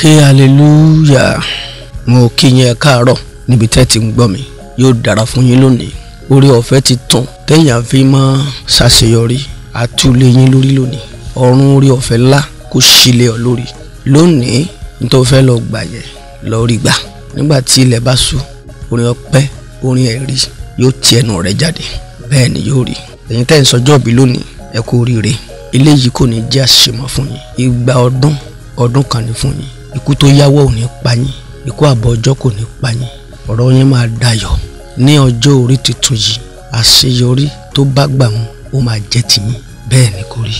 ké aleluya mo kí yín ẹ káàárọ̀ níbi tẹ́ ti ń gbọ́ mi yóò dára fún yín lónìí orí ọ̀fẹ́ ti tàn tẹ́yìn àfi mọ́ ṣàṣeyọrí àtúlé yín lórí lónìí ọ̀run orí ọ̀fẹ́ ńlá kò ṣílẹ̀ ọ lórí lónìí nítorí fẹ́ lọ gbà yẹn lọ rí gbà nígbà tí ilẹ̀ bá ṣú orin ọpẹ́ orin ẹ̀rí yóò ti ẹnu rẹ̀ jáde bẹ́ẹ̀ ni yóò rí ẹ̀yin tẹ́ ń sọjọ́ bí lónìí ẹ kú oríire eléyìí kò ní jẹ́ àṣemọ́ fún yín ìgbà ọdún ọdún kan ní fún yín ikú tó yáwọ́ ò ní pa yín ikú àbọ̀ ọjọ́ kò ní pa yín ọ̀rọ̀ yín máa dayọ̀ ní ọjọ́ orí tuntun yìí àṣeyọrí tó bá gbà mu ó máa jẹ́ tìyín bẹ́ẹ̀ ni kò rí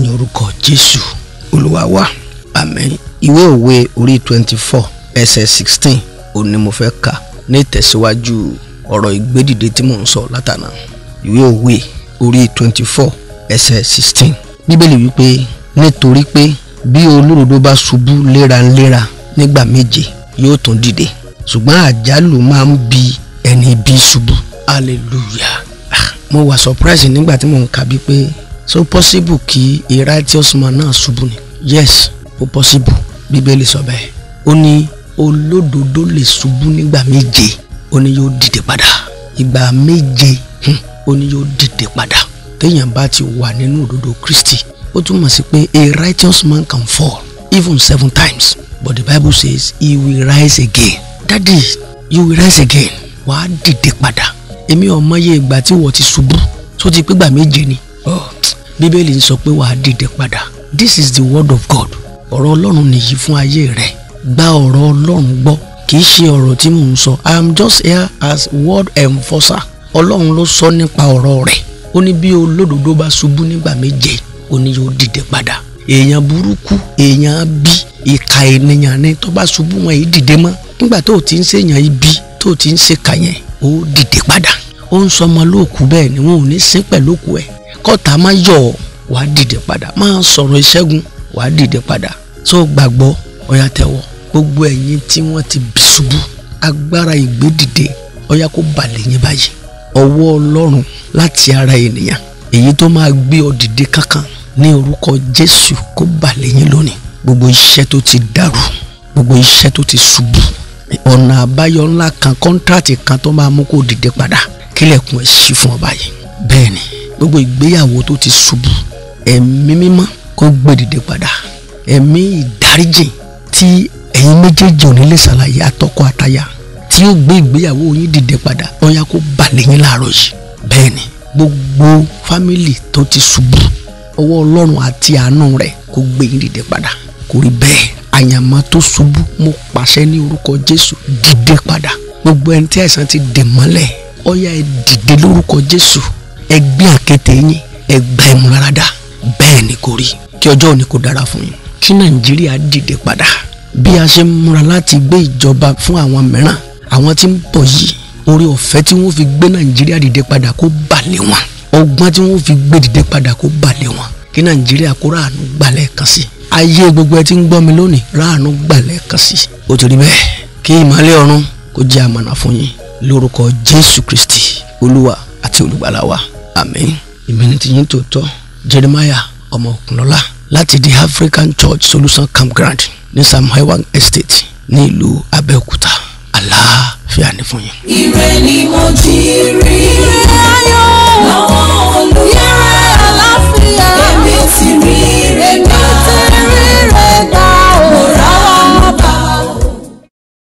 ní orúkọ Jésù Olúwa wa ìwé òwe orí twenty four ẹsẹ̀ sixteen òun ni mo fẹ́ kà ní ìtẹ̀síwájú ọ̀rọ̀ ìgbédìde tí mò ń sọ látànà ìwé òwe orí twenty four ẹsẹ̀ sixteen níbẹ̀ lè wí pé nítorí pé bí olódodo bá ṣubú léraléra nígbà méje yóò tún dìde ṣùgbọ́n àjálù máa ń bi ẹni bí ṣubú hallelujah ah, mo wà surprise nígbà tí mo ń kà pé so possible kí a righteous man náà ṣubú ni yes o possible bíbélì sọ bẹ́ẹ̀ ó ní olódodo lè ṣubú nígbà méje ó ní yóò dìde padà ìgbà méje ó ní yóò dìde padà téèyàn bá ti wà nínú òdodo Kristi ó túmọ̀ sí pé a righteous man can fall even seven times but the bible says he will rise again daddy you will rise again wàá dìde padà èmi ọmọ yẹ ìgbà tí wọ́n ti ṣubú tó ti pígbà méje ni oh, bíbélì ń sọ pé wàá dìde padà this is the word of god ọ̀rọ̀ ọlọ́run nìyí fún ayé rẹ gba ọ̀rọ̀ ọlọ́run gbọ́ kì í ṣe ọ̀rọ̀ tí mò ń sọ i am just here as word enforcer ọlọ́run ló sọ nípa ọ̀rọ̀ rẹ̀ ó ní bí olódodo bá ṣubú nígbà méje ó ní yóò dìde padà èèyàn burúkú èèyàn bí ìka ènìyàn ni tó bá ṣubú wọn yìí dìde mọ́ nígbà tó o ti ń ṣèyàn ibi tó o ti ń ṣe kàyẹn ó dìde padà ó ń sọmọ lóòkù bẹ́ẹ̀ ni wọn ò ní sín pẹ̀lú òkú ẹ̀ kọ́ta má yọ̀ ọ́ wàá dìde padà máa sọ̀rọ̀ ìṣẹ́gun wàá dìde padà tó o gbàgbọ́ ọ̀yà tẹ̀wọ̀ gbogbo ẹ̀yin tí wọ́n ti bì ṣubú agbára ìgbédìde ọ̀yà kó balẹ̀ yín báyìí ọwọ́ ọlọ́run láti ara ènìyàn èyí tó máa gbé ọ dìde kankan ní orúkọ Jésù kó bà lẹ́yìn lónìí gbogbo iṣẹ́ tó ti dàrú gbogbo iṣẹ́ tó ti ṣubú ọ̀nà àbáyọ ńlá kan kọ́ńtrátì kan tó máa mú kó dìde padà kílẹ̀kùn ẹ̀ ṣí fún ọ báyìí bẹ́ẹ̀ ni gbogbo ìgbéyàwó tó ti ṣubú ẹ̀mí mímọ́ kó gbé dìde padà ẹ̀mí ìdáríjì tí ẹ̀yin méjèèjì ò ní lè ṣàlàyé àtọkọ àtaya tí yóò gbé ìgbéyàwó yín dìde padà ọ̀yà kó bà lẹ́yìn láàárọ̀ yìí bẹ́ẹ̀ ni gbogbo fámìlì tó ti ṣubú ọwọ́ ọlọ́run àti àánú rẹ̀ kó gbé yín dìde padà kò rí bẹ́ẹ̀ àyànmọ́ tó ṣubú mo pàṣẹ ní orúkọ jésù dìde padà gbogbo ẹni tí àìsàn ti dè mọ́lẹ̀ ọ̀yà ẹ dìde lórúkọ jésù ẹ gbé àkéte yín ẹ gba ìmúláradá bẹ́ẹ̀ ni kò rí kí ọjọ́ òní kò dára fún yín kí nàìjíríà dìde padà bí a ṣe ń múra láti gbé ìjọba fún àwọn mìíràn àwọn tí ń bọ̀ yìí oore ọ̀fẹ́ tí wọ́n fi gbé nàìjíríà dìde padà kó bà wọn ọgbọ́n tí wọ́n fi gbé dìde padà kó balẹ̀ wọn kí nàìjíríà kó ráàánú gbalẹ̀ kan sí ayé gbogbo ẹ ti ń gbọ́ mi lónìí ráàánú gbalẹ̀ kan sí ó torí bẹ́ẹ̀ kí ìmọ̀lẹ̀ ọ̀run kó jẹ́ àmàna fún yín lórúkọ jésù kristi olúwa àti olùgbàlà wa àmín èmi ni tiyín tòótọ́ jeremiah ọmọ òkúnlọ́lá láti the african church solution campground ní sam highway estate ní ìlú abẹ́òkúta àlàáfíà ní fún yín. ire ni mo ti rí ayọ̀.